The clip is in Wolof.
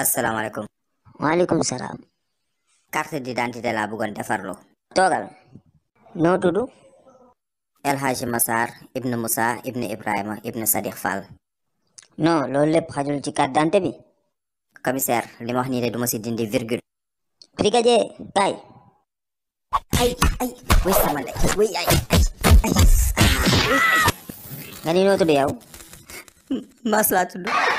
asalaamaaleykum. waaleykum salaam. carte d'identité laa bëggoon defarlu. toogal. noo tudd. El Hadji Massar ibnu Moussa ibnu Ibrahima ibnu Sadiq Fall. non loolu lépp xajul ci carte d'identité bi. commissaire li ma wax nii de duma si dindi virgule. brigadier kaay. ay ay sama ndey way ay ay ay. nga ni tudd.